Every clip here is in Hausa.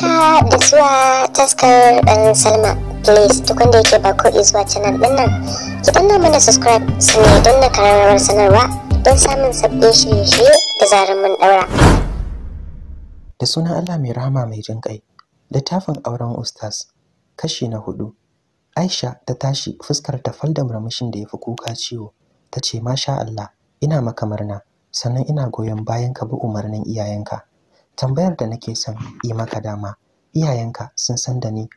haka da zuwa taskar dan salma please duk wanda yake ba ko zuwa canal din nan ki danna mana subscribe su ne don na kararrawar sanarwa don samun sabbin shirye-shirye da zarar mun daura da sunan allah mai rahama mai jin kai littafin auren ustas kashi na hudu aisha ta tashi fuskar ta falda murmushin da ya fi kuka ciwo ta ce masha allah ina maka murna sannan ina goyon bayan ka bi umarnin iyayenka tambayar da nake son yi maka dama iyayenka sun san da ni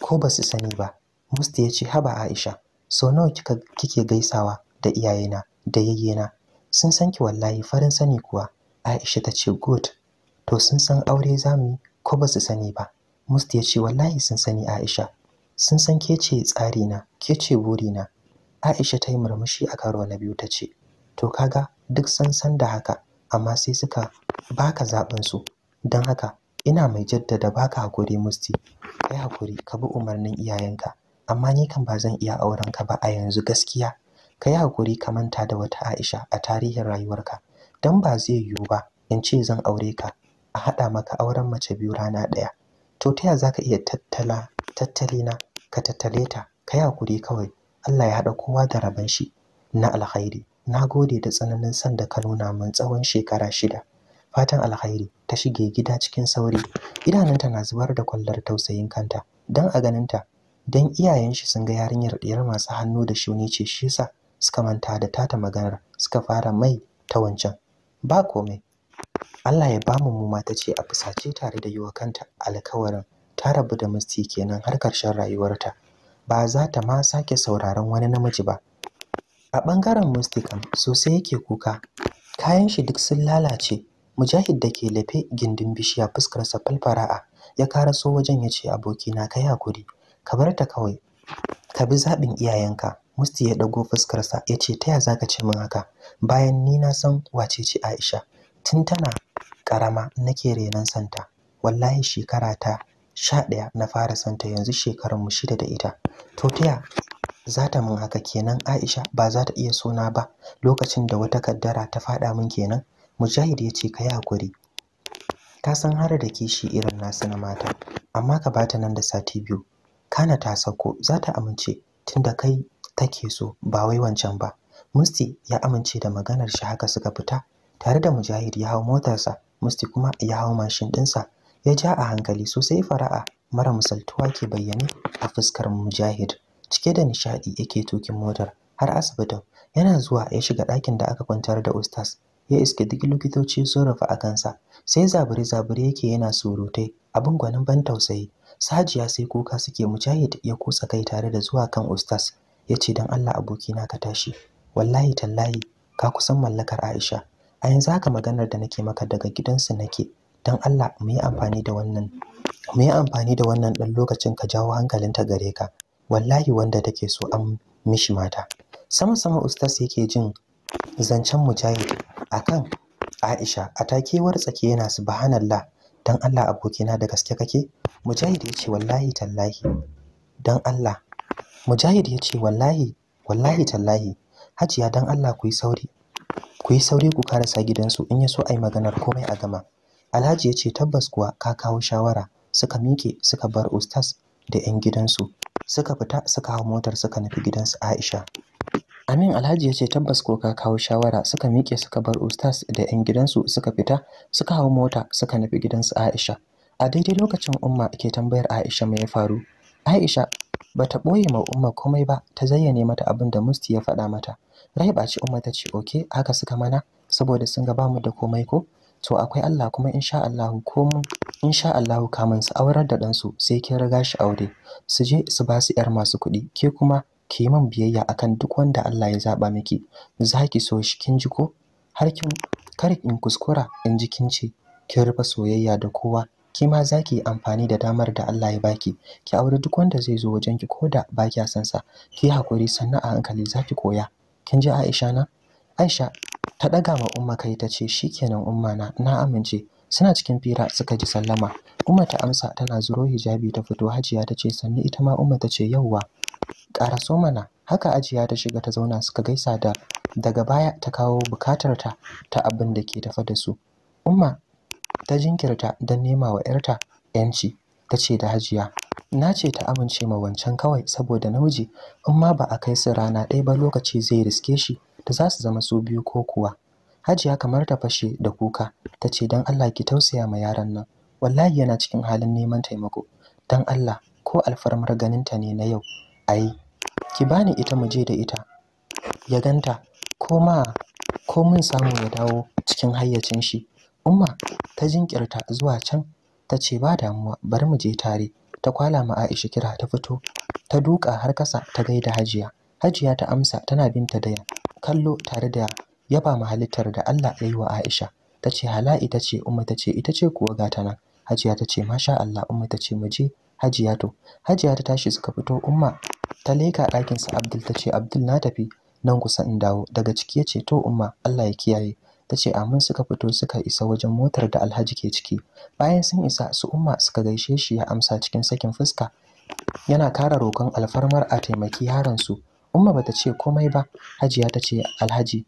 ko ba su sani ba musti ya ce haba aisha sau nawa kika kike gaisawa da iyayena da yayyena sun san ki wallahi farin sani kuwa aisha ta ce good to sun san aure za mu ko ba su sani ba musta ya ce wallahi sun sani aisha sun san ke ce tsarina ke ce burina aisha ta yi murmushi a karo na biyu ta ce to kaga duk sun san da haka amma sai suka baka zaɓinsu. don haka ina mai jaddada baka hakuri musti kai hakuri ka bi umarnin iyayenka amma ni kan ba zan iya auren ka ba a yanzu gaskiya kai hakuri ka manta da wata Aisha a tarihin rayuwarka dan ba zai yiwu ba in ce zan aure ka a hada maka auren mace biyu rana daya to ta ya zaka iya tattala tattali na ka tattale ta kai hakuri kawai Allah ya hada kowa da raban shi na alkhairi nagode da tsananin san da ka nuna mun tsawon shekara shida fatan alkhairi ta shige gida cikin sauri Idananta na zubar da kwallar tausayin kanta dan a ganinta dan iyayen shi sun ga yarinyar ɗiyar masu hannu da shuni ce shi yasa suka manta da tata maganar suka fara mai ta wancan ba komai Allah ya bamu mu mata ce a fusace tare da yiwa kanta alkawarin ta rabu da musti kenan har karshen rayuwarta ba za ta ma sake sauraron wani namiji ba a ɓangaren mustikan sosai yake kuka kayan shi duk sun lalace Mujahid da ke lafe gindin bishiya fuskarsa falfara'a ya karaso wajen ya ce abokina ka yi hakuri ka bar ta kawai ka bi zaɓin iyayenka musti ya ɗago fuskarsa ya ce ta ya za ka ce min haka bayan ni na san wace ce aisha tun tana ƙarama nake renon santa wallahi shekara ta sha ɗaya na fara santa yanzu mu shida da ita to ta ya za ta min haka kenan aisha ba za ta iya sona ba lokacin da wata kaddara ta faɗa min kenan Mujahid ya ce ka yi hakuri. Ta san har da kishi irin nasu na mata, amma ka bata nan da sati biyu. Kana ta sako za ta amince tunda kai take so ba wai wancan ba. Musti ya amince da maganar shi haka suka fita tare da Mujahid ya hau motarsa, Musti kuma ya hau mashin ɗinsa. Ya ja a hankali sosai fara'a mara misaltuwa ke bayyane a fuskar Mujahid. Cike da nishaɗi yake tukin motar har asibitin. Yana zuwa ya shiga ɗakin da aka kwantar da Ustaz ya iske duk likitoci sun rufe a kansa sai zaburi zaburi yake yana surutai abin gwanin ban tausayi sajiya sai kuka suke mujahid ya kusa kai tare da zuwa kan Ustas, ya ce don allah abokina ka tashi wallahi tallahi ka kusan mallakar aisha a yanzu haka maganar da nake maka daga gidansu nake don allah mu yi amfani da wannan mu yi amfani da wannan ɗan lokacin ka jawo hankalinta gare ka wallahi wanda take so an mishi mata sama sama Ustas yake jin zancen mujahid akan Aisha a take tsake yana subhanallah dan Allah abokina da gaske kake Mujahid ya ce wallahi tallahi dan Allah Mujahid ya ce wallahi wallahi tallahi Hajiya dan Allah ku yi sauri ku yi sauri ku karasa gidansu in ya so ai maganar komai a gama Alhaji ya ce tabbas kuwa ka kawo shawara suka miƙe suka bar ustas da 'yan gidansu suka fita suka hau motar suka nufi gidansu Aisha Amin Alhaji ya ce tabbas ko ka kawo shawara suka miƙe suka bar ustaz da 'yan gidansu suka fita suka hau mota suka nufi gidansu Aisha. A daidai lokacin Umma ke tambayar Aisha me ya faru. Aisha bata ɓoye ma Umma komai ba ta zayyane mata abin da Musti ya faɗa mata. Rai ɓaci Umma ta ce oke haka suka mana saboda sun ga bamu da komai ko to akwai Allah kuma insha Allahu ko mun insha Allahu kamun su aurar da ɗansu sai kin riga shi aure su je su ba su yar masu kuɗi ke kuma ki yi min biyayya akan duk wanda Allah ya zaba miki za ki so shi kin ji ko har kin kar in kuskura in ji kin ce kin rufe soyayya da kowa ki ma za ki yi amfani da damar da Allah ya baki ki aure duk wanda zai zo wajen ki koda ba kiya san sa ki hakuri sannan a hankali za ki koya kin ji Aisha na Aisha ta daga ma umma kai ta ce shikenan umma na na amince suna cikin fira suka ji sallama umma ta amsa tana zuro hijabi ta fito hajiya ta ce sannu ita ma umma ta ce yauwa Ƙara so mana haka ajiya ta shiga ta zauna suka gaisa da daga baya ta kawo bukatarta ta abin da ke tafa da su umma ta jinkirta don nema wa 'yarta 'yanci ta ce da hajiya na ce ta amince ma wancan kawai saboda namiji in ma ba a kai su rana ɗaya ba lokaci zai riske shi da za su zama su biyu ko kuwa hajiya kamar ta fashe da kuka ta ce don allah ki tausaya ma yaran nan wallahi yana cikin halin neman taimako don allah ko alfarmar ganinta ne na yau a ki bani ita mu je da ita ya ganta ko ma ko mun samu ya dawo cikin hayyacin shi umma ta jinkirta zuwa can ta ce ba damuwa bari mu je tare ta kwala ma Aisha kira ta fito ta duka har kasa ta gaida Hajiya Hajiya ta amsa tana binta da kallo tare da yaba ma halittar da Allah ya yi wa Aisha ta ce hala ita ce umma ta ce ita ce kuwa gata nan Hajiya ta ce masha Allah umma ta ce mu je Hajiya to Hajiya ta tashi suka fito umma ta leka ɗakinsa Abdul ta ce Abdul na tafi nan kusa in dawo daga ciki ya ce to umma Allah ya kiyaye ta ce amin suka fito suka isa wajen motar da Alhaji ke ciki bayan sun isa su umma suka gaishe shi ya amsa cikin sakin fuska yana kara roƙon alfarmar a taimaki yaron su umma bata ce komai ba Hajiya ta ce Alhaji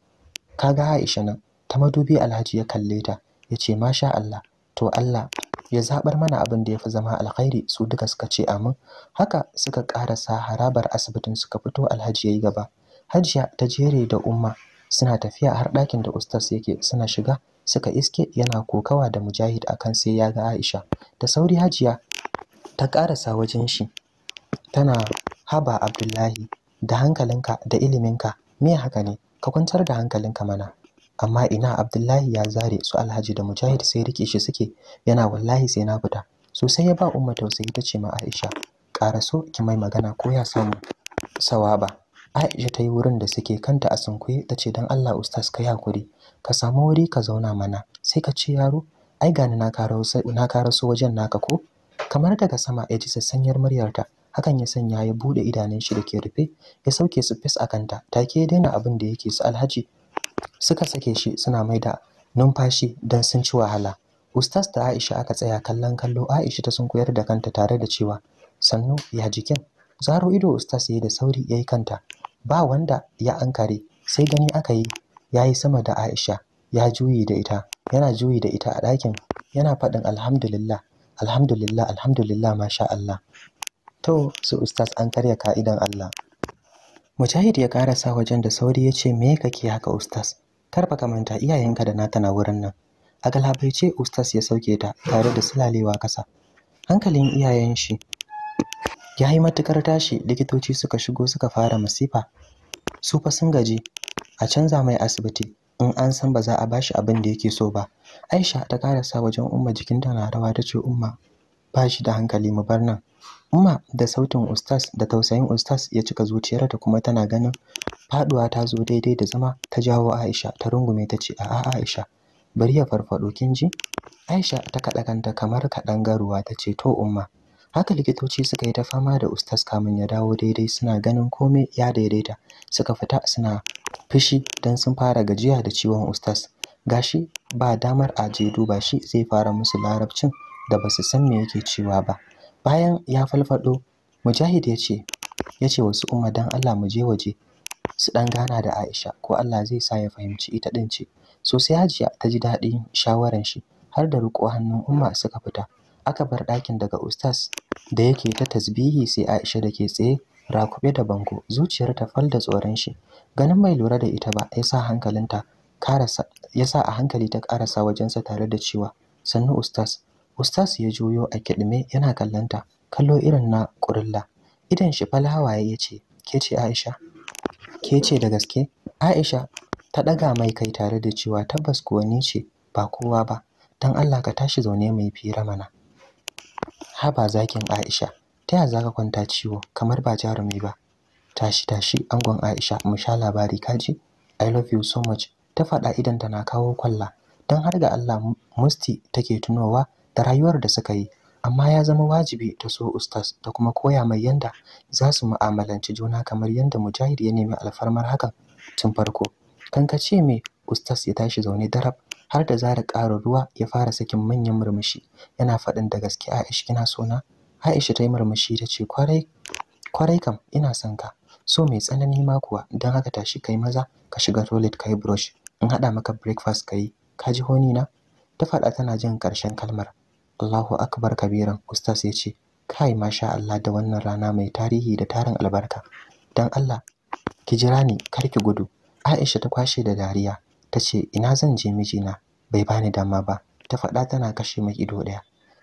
kaga Aisha nan ta madubi Alhaji ya kalle ta ya ce masha Allah to Allah ya zaɓar mana abin da ya fi zama alkhairi su duka suka ce amin haka suka karasa harabar asibitin suka fito alhaji ya yi gaba hajiya ta jere da umma suna tafiya har ɗakin da ustas yake suna shiga suka iske yana kokawa da mujahid akan sai ya ga aisha da sauri hajiya ta karasa wajen shi tana haba abdullahi da hankalinka da iliminka me haka ne ka kwantar da hankalinka mana amma ina Abdullahi ya zare su Alhaji da Mujahid sai rike shi suke yana wallahi sai na fita sosai ya ba umma tausayi ta ce ma Aisha so ki mai magana ko ya samu sawaba Aisha ta yi wurin da suke kanta a sunkuye ta ce don Allah ustaz ka hakuri ka samu wuri ka zauna mana sai ka ce yaro ai gani na so wajen naka ko kamar daga sama ya ji sassanyar muryarta hakan ya sanya ya bude idanun shi da ke rufe ya sauke su fis a kanta take ya daina abin da yake su alhaji suka sake shi suna mai da numfashi don sun ci wahala ustas da aisha aka tsaya kallon kallo aisha ta sun koyar da kanta tare da cewa sannu ya jikin zaro ido ustas yayi da sauri yayi kanta ba wanda ya ankare sai gani aka yi yayi sama da aisha ya juyi da ita yana juyi da ita a ɗakin yana faɗin alhamdulillah alhamdulillah alhamdulillah masha Allah to su ustaz an karya ka'idan Allah Mujahid ya karasa wajen da sauri ya ce me kake haka ustaz? Kar ka manta iyayenka da nata na wurin nan. A galabaice ustaz ya sauke ta tare da sulalewa kasa. Hankalin iyayen shi ya yi matukar tashi likitoci suka shigo suka fara masifa. Su fa sun gaji a canza mai asibiti in an san ba za a bashi abin da yake so ba. Aisha ta karasa wajen Umma jikinta na rawa ta ce Umma Bashi da hankali mu bar nan. Umma da sautin ustas da tausayin ustas ya cika zuciyarta kuma tana ganin faduwa ta zo daidai da zama ta jawo Aisha ta rungume ta ce a'a Aisha bari ya farfado kin ji Aisha ta kada kanta kamar kadan garuwa ta ce to umma haka likitoci suka yi ta fama da ustas kamun ya dawo daidai suna ganin komai ya daidaita suka fita suna fishi dan sun fara gajiya da ciwon Ustaz gashi ba damar aje duba shi zai fara musu larabcin da basu san me yake cewa ba bayan ya falfado mujahid ya ce ya ce wasu umma dan Allah mu je waje su dan gana da Aisha ko Allah zai sa ya fahimci ita din ce sosai Hajiya ta ji daɗin shawaran shi har da riko hannun umma suka fita aka bar ɗakin daga ustaz da yake ta tasbihi sai Aisha da ke tsaye rakube da bango zuciyar ta fal da tsoron shi ganin mai lura da ita ba ya sa hankalinta karasa ya sa a hankali ta karasa wajensa tare da cewa sannu ustaz Ustaz ya juyo a kidime yana kallanta, kallo irin na ƙurilla. Idan shi fal ya ce, "Ke ce Aisha?" "Ke ce da gaske?" Aisha ta ɗaga mai kai tare da cewa tabbas kuwa ni ce ba kowa ba. Dan Allah ka tashi zaune mai fira mana. Haba zakin Aisha, ta ya zaka kwanta ciwo kamar ba jarumi ba? Tashi tashi angon Aisha mu sha labari kaji. I love you so much. Ta faɗa idan tana kawo kwalla. Don har ga Allah Musti take tunowa da rayuwar da suka yi amma ya zama wajibi ta so Ustas da kuma koya mai yanda za su mu'amalanci juna kamar yanda mujahid ya nemi alfarmar hakan tun farko Kan kankace me Ustas ya tashi zaune darab har da zara ƙara ruwa ya fara sakin manyan murmushi yana faɗin da gaske Aisha kina sona Aisha ta yi murmushi ta ce kwarai kam ina son ka so mai tsanani ma kuwa don haka tashi kai maza ka shiga toilet ka yi brush in haɗa maka breakfast ka yi, ka ji honi na ta faɗa tana jin ƙarshen kalmar Allahu akbar kabiran ustaz ya ce kai masha Allah da wannan rana mai tarihi da tarin albarka dan Allah ki jira ni kar ki gudu Aisha ta kwashe da dariya tace ina zan je mijina bai bani dama ba ta faɗa tana kashe mai ido ɗaya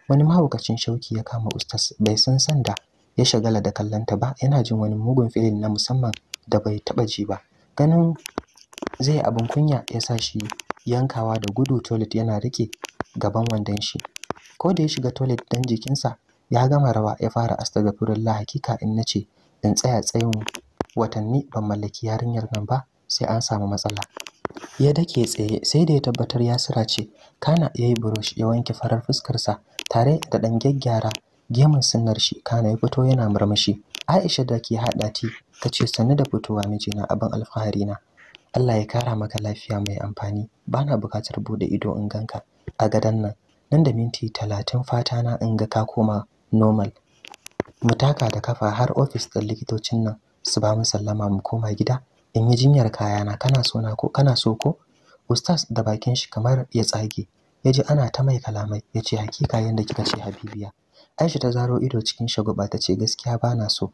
wani mahaukacin shauki ya kama ustaz bai san sanda ya shagala da kallanta ba yana jin wani mugun filin na musamman da bai taba ji ba ganin zai abin kunya ya sa shi yankawa da gudu toilet yana rike gaban wandon shi ko da ya shiga toilet dan jikinsa ya gama rawa ya fara astaghfirullah hakika in nace in tsaya tsayin watanni ban mallaki yarinyar nan ba sai an samu matsala ya dake tsaye sai da ya tabbatar ya ce kana yayi brush ya wanke farar fuskarsa, tare da dan gyaggyara gemun sunnar shi kana ya fito yana murmushi Aisha da ke hada ti tace sanni da fitowa mijina abin alfahari na Allah ya kara maka lafiya mai amfani bana bukatar bude ido in ganka a gadan nan nan da minti talatin fata na in ga ka koma normal mu taka da kafa har ofis ɗin likitocin nan su ba mu sallama mu koma gida in yi jinyar kayana kana so na ko kana so ko ustaz da bakin shi kamar ya tsage ya ji ana ta mai kalamai ya ce hakika yadda kika ce habibiya aisha ta zaro ido cikin shagwaba ta ce gaskiya ba na so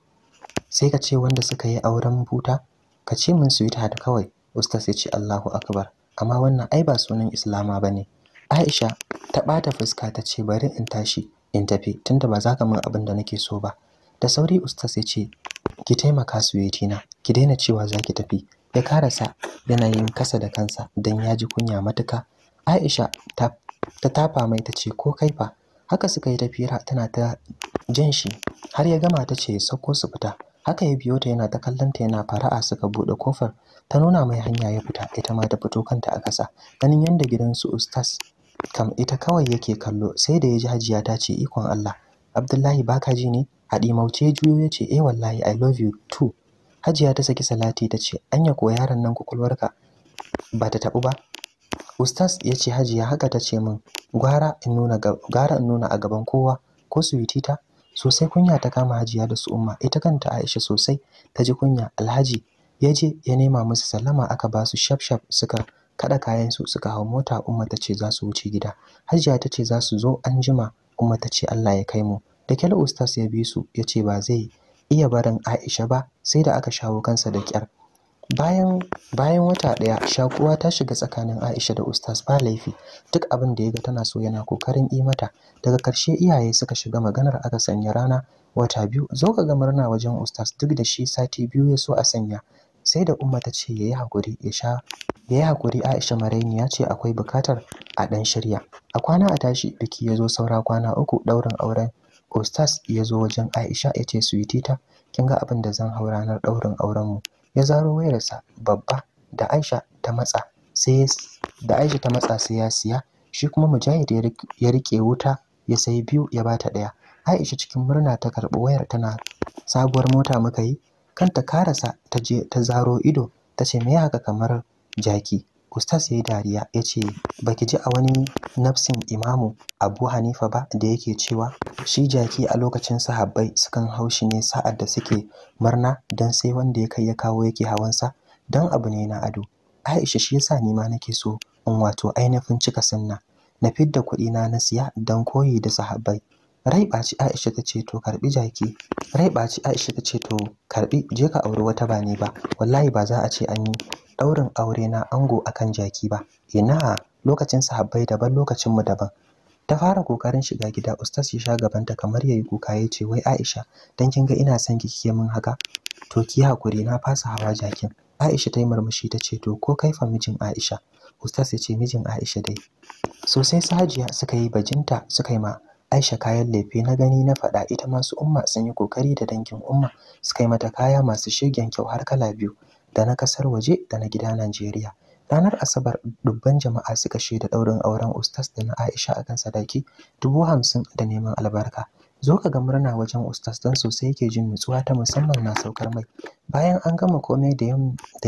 sai ka ce wanda suka yi auren buta ka ce min sweetheart kawai ustaz ya ce allahu akbar amma wannan ai ba sunan islama ba ne Aisha ta ɓata fuska ta ce bari in tashi in tafi tunda ba za ka min abin da nake so ba. Da sauri Ustaz ya ce ki taimaka suyeti na ki daina cewa za ki tafi. Ya karasa yana yin kasa da kansa dan ya ji kunya matuka. Aisha ta ta tafa mai ta ce ko kai fa haka suka yi tafira tana ta jan shi har ya gama ta ce sauko su fita haka ya biyo ta yana ta ta yana fara'a suka buɗe kofar ta nuna mai hanya ya fita ita ma ta fito kanta a ƙasa ganin yadda gidansu Ustas. kam ita kawai yake kallo sai da ya ji hajiya ta ce ikon Allah Abdullahi baka ji ne haɗi mauce juyo ya ce eh wallahi I love you too Hajiya ta saki salati ta ce anya ko yaron nan kokolwarka ba ta tabu ba Ustaz ya ce Hajiya haka ta ce min gwara in nuna gara in nuna a gaban kowa ko su ta sosai kunya ta kama Hajiya da su umma ita kanta Aisha sosai ta ji kunya Alhaji ya je ya nema musu sallama aka ba su shafshaf suka kada kayan su suka hau mota umma ta ce za su wuce gida hajiya ta ce za su zo an jima umma ta ce Allah ya kai mu da kyal ustaz ya bi su ya ce ba zai iya barin Aisha ba sai da aka shawo kansa da kyar bayan bayan wata daya shakuwa ta shiga tsakanin Aisha da ustaz ba laifi duk abin da yaga tana so yana kokarin yi mata daga karshe iyaye suka shiga maganar aka sanya rana wata biyu zo ka ga murna wajen ustaz duk da shi sati biyu ya so a sanya sai da umma ta ce yayi hakuri ya yi yayi hakuri Aisha Maraini ya ce akwai bukatar a ɗan shirya a kwana a tashi biki ya zo saura kwana uku ɗaurin auren Ostas ya zo wajen Aisha ya ce tita. kin ga abin da zan hau ranar ɗaurin auren mu ya zaro wayarsa babba da Aisha ta matsa sai da Aisha ta matsa sai ya siya shi kuma Mujahid ya rike wuta ya sayi biyu ya bata ɗaya. Aisha cikin murna ta karɓi wayar tana sabuwar mota muka yi kanta karasa ta je ta zaro ido ta ce me haka kamar jaki ustaz yayi dariya ya ce ba ki ji a wani nafsin imamu abu hanifa ba da yake cewa shi jaki a lokacin sahabbai sukan haushi ne sa'ad da suke murna dan sai wanda ya kai ya kawo yake sa. dan abu ne na ado aisha shi yasa ni ma nake so in wato ainihin cika sunna na fidda kuɗi na na siya dan koyi da sahabbai rai ɓaci Aisha ta ce to karbi jaki rai ɓaci Aisha ta ce to karbi je ka auri wata ba ne ba wallahi ba za a ce an yi Ɗaurin aure na ango akan jaki ba ina lokacin sahabbai daban lokacin mu daban ta fara kokarin shiga gida ustaz ya sha gabanta kamar yayi kuka ya ce wai Aisha dan kin ga ina son ki kike min haka to ki hakuri na fasa hawa jakin Aisha ta yi murmushi ta ce to ko kai fa mijin Aisha ustaz ya ce mijin Aisha dai sosai sajiya suka yi bajinta suka yi ma Aisha kayan lefe na gani na faɗa ita masu umma sun yi kokari da dangin umma suka yi mata kaya masu shegen kyau har kala biyu da na kasar waje da na gida Najeriya. Ranar Asabar dubban jama'a suka shaida ɗaurin auren Ustaz da na Aisha akan sadaki dubu hamsin da neman albarka. Zo ka ga murna wajen Ustaz don sosai yake jin nutsuwa ta musamman na saukar mai. Bayan an gama komai da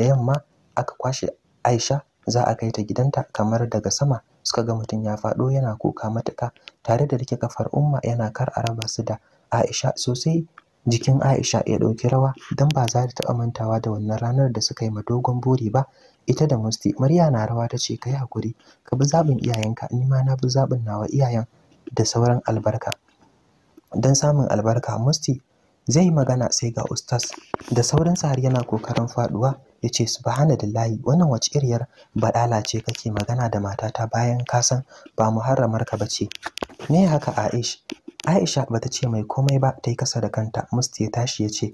yamma aka kwashe Aisha za a kai ta gidanta kamar daga sama suka ga mutum ya faɗo yana kuka matuka tare da rike kafar umma yana kar a raba su da Aisha sosai jikin Aisha ya ɗauki rawa don ba za ta taɓa mantawa da wannan ranar da suka yi ma dogon buri ba ita da Musti Marya na rawa ta ce kai hakuri ka bi zabin iyayenka ni ma na bi zabin nawa iyayen da sauran albarka don samun albarka Musti zai yi magana sai ga Ustaz da saurin har yana kokarin faduwa ya ce layi, wannan wace iriyar badala ce kake magana da matata bayan ka san ba muharramar ka bace me haka Aish Aisha bata ce mai komai ba ta yi kasa da kanta Musti ya tashi ya ce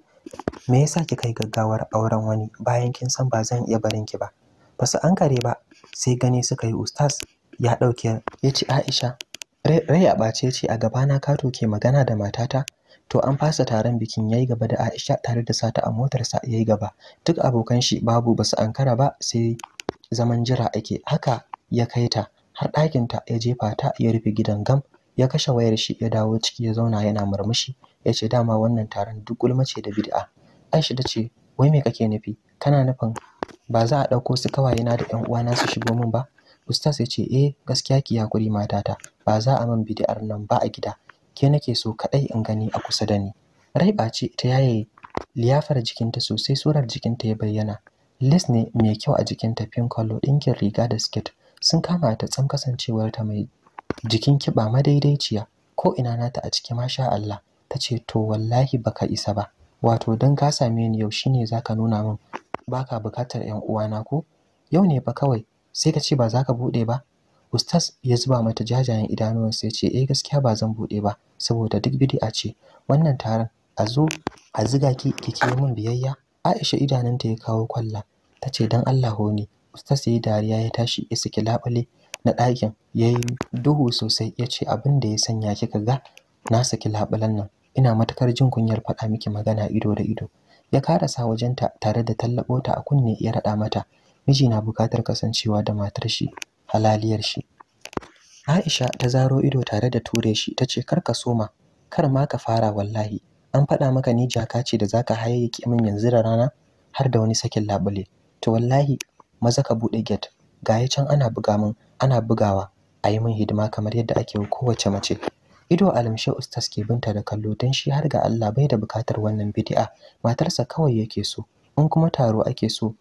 me yasa ki kai gaggawar auren wani bayan kin san ba zan iya barin ki ba basu an kare ba sai gani suka yi ustaz ya ɗauke. ya ce Aisha rai a ɓace ce a gabana ka toke magana da matata to an fasa taron bikin yayi gaba da Aisha tare da sata a motarsa yayi gaba duk abokan shi babu basu ankara ba sai zaman jira ake haka ya kai ta har ɗakin ta ya jefa ta ya rufe gidan gam ya kashe wayar shi ya dawo ciki ya zauna yana murmushi ya ce dama wannan taron duk gulma ce da bid'a Aisha ta ce wai me kake nufi kana nufin ba za a ɗauko su kawai na da ƴan uwana su shigo min ba Ustaz ya ce eh gaskiya ki hakuri matata ba za a man bid'ar nan ba a gida ke nake so kaɗai in gani a kusa da ni rai ce ta yaye liyafar jikinta sosai surar jikinta ya bayyana les ne mai kyau a jikinta pink color ɗinkin riga da skirt sun kama ta tsam ta mai jikin kiba madaidaiciya ko ina nata a ciki masha Allah ta ce to wallahi baka isa ba wato dan ka same ni yau shine zaka nuna min baka bukatar yan uwana ko yau ne ba kawai sai ka ce ba zaka bude ba ustaz ya zuba mata jajayen idanuwansa ya ce eh gaskiya ba zan bude ba saboda duk bid'a ce wannan taron a zo a ziga ki kike min biyayya Aisha idanunta ya kawo kwalla ta ce dan Allah ne ustaz yayi dariya ya tashi ya saki labule na ɗakin yayi duhu sosai ya ce abin da ya sanya kika ga na saki labulen nan ina matakar jin kunyar faɗa miki magana ido da ido ya karasa wajenta tare da tallabo a kunne ya raɗa mata miji na buƙatar kasancewa da matar shi halaliyar shi Aisha ta zaro ido tare da ture shi ta ce kar ka soma, kar ma ka fara wallahi. An faɗa maka ni jaka ce da zaka hayayyake min yanzu da rana har da wani sakin labule. To wallahi maza ka buɗe gate. ya can ana buga min, ana bugawa, a yi min hidima kamar yadda ake wa kowace mace. Ido alamshe ustas ke binta da kallo don shi har ga Allah bai da bukatar wannan bidi'a. Matarsa kawai yake so, in kuma taro ake so,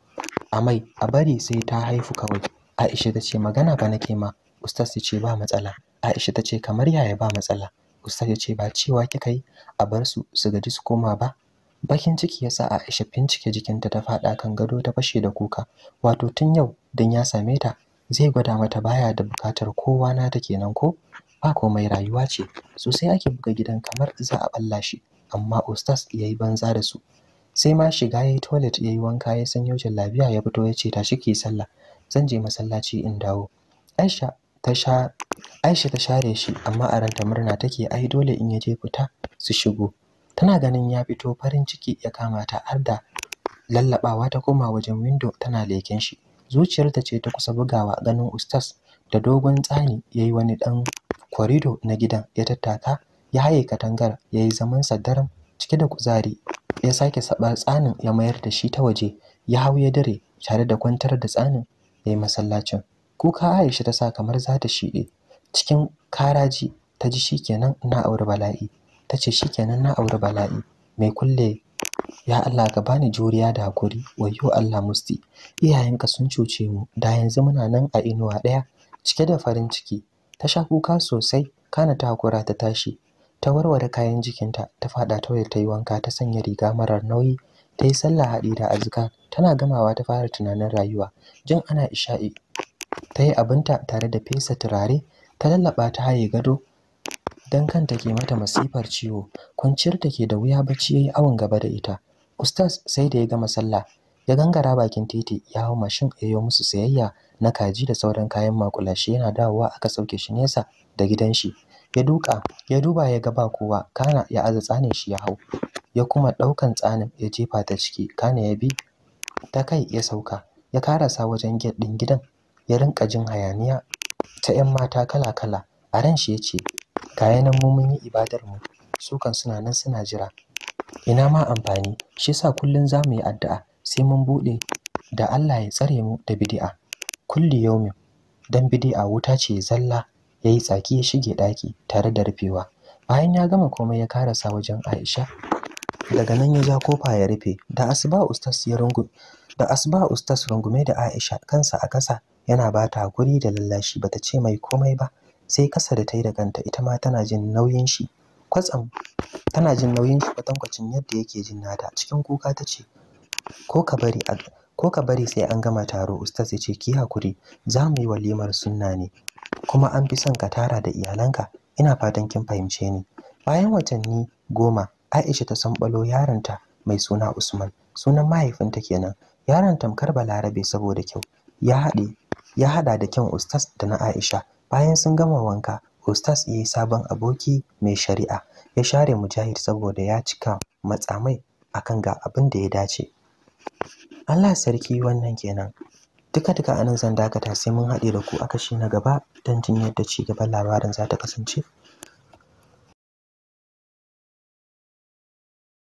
a mai a bari sai ta haifu kawai. Aisha ta ce magana ba nake ma Ustaz ya ce ba matsala. Aisha ta ce kamar yaya ba matsala. Ustaz ya ce ba cewa kika yi a bar su su gaji su koma ba. Bakin ciki ya sa Aisha bincike jikinta ta faɗa kan gado ta fashe da kuka. Wato tun yau dan ya same ta zai gwada mata baya da bukatar kowa na ta kenan ko? Ba komai rayuwa ce. Sosai ake buga gidan kamar za a balla shi amma ustaz yayi banza da su. Sai ma shiga yayi toilet yayi wanka ya sanyo jallabiya ya fito ya ce tashi ki sallah. Zan je masallaci in dawo. Aisha Aisha ta share shi amma a ranta murna take ai dole in yaje fita su shigo tana ganin ya fito farin ciki ya kama ta har da lallabawa ta koma wajen window tana leken shi zuciyarta ce ta kusa bugawa ganin ustas da dogon tsani yayi wani dan corridor na gidan ya tattaka ya haye katangar yayi zaman sa daram cike da kuzari ya sake sabar tsanin ya mayar da shi ta waje ya hau ya dare tare da kwantar da tsanin yayi masallacin kuka Aisha ta sa kamar za ta shiɗe cikin karaji ta ji shikenan na aure bala'i ta ce shikenan na aure bala'i mai kulle ya Allah ka bani juriya da hakuri wayyo Allah musti iyayenka sun cuce mu da yanzu muna nan a inuwa ɗaya cike da farin ciki ta sha kuka sosai kana ta hakura ta tashi ta warware kayan jikinta ta fada toilet ta yi wanka ta sanya riga marar nauyi ta yi sallah haɗi da azkar tana gamawa ta fara tunanin rayuwa jin ana isha'i ta yi abinta tare da fesa turare ta lallaɓa ta haye gado don kanta ke mata masifar ciwo kwanciyar ta ke da wuya bacci ya yi awon gaba da ita ustaz sai da ya gama sallah ya gangara bakin titi ya hau mashin yayo musu sayayya na kaji da sauran kayan makulashi yana dawowa aka sauke shi nesa da gidan shi ya duka ya duba ya ga ba kowa kana ya aza tsanin shi ya hau ya kuma daukan tsanin ya jefa ta ciki kana ya bi ta kai ya sauka ya karasa wajen gate din gidan ya rinka jin hayaniya ta 'yan mata kala-kala a ran shi ya ce ga mu mun yi ibadar mu su kan suna nan suna jira ina ma amfani shi yasa kullun za mu yi addu'a sai mun buɗe da Allah ya tsare mu da bid'a kulli yaumin dan bid'a wuta ce zalla yayi tsaki ya shige daki tare da rufewa bayan ya gama komai ya karasa wajen Aisha daga nan ya ja kofa ya rufe da asba ustaz ya rungu da asba ustaz rungume da Aisha kansa a kasa yana ba ta hakuri da lallashi bata ce mai komai ba sai kasa da ta yi da kanta ita ma tana jin nauyin shi kwatsam tana jin nauyin shi kwatankwacin yadda yake jin nata cikin kuka ta ce ko ka bari a ko ka bari sai an gama taro ustaz ya ce ki hakuri za mu yi walimar sunna ne kuma an fi son ka tara da iyalanka ina fatan kin fahimce ni bayan watanni goma aisha ta san sanɓalo yaronta mai suna usman sunan mahaifinta kenan yaron tamkar balarabe saboda kyau ya haɗe ya hada da kyan ustas da na Aisha bayan sun gama wanka ustas yayi sabon aboki mai shari'a ya share mujahid saboda ya cika matsamai akan ga abin da ya dace Allah sarki wannan kenan duka duka anan zan dakata sai mun haɗe da ku a kashi na gaba don jin yadda ci gaban labarin za ta kasance